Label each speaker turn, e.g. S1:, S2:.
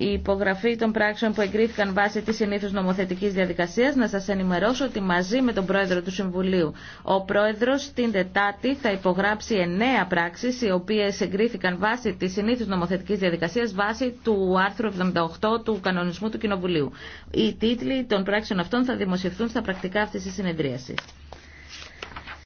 S1: η υπογραφή των πράξεων που εγκρίθηκαν βάσει τη συνήθω νομοθετική διαδικασία, να σα ενημερώσω ότι μαζί με τον πρόεδρο του Συμβουλίου, ο πρόεδρο την Δετάτη θα υπογράψει εννέα πράξει, οι οποίε εγκρίθηκαν βάσει τη συνήθω νομοθετική διαδικασία, βάσει του άρθρου 78 του κανονισμού του Κοινοβουλίου. Οι τίτλοι των πράξεων αυτών θα δημοσιευθούν στα πρακτικά αυτή τη συνεδρίαση.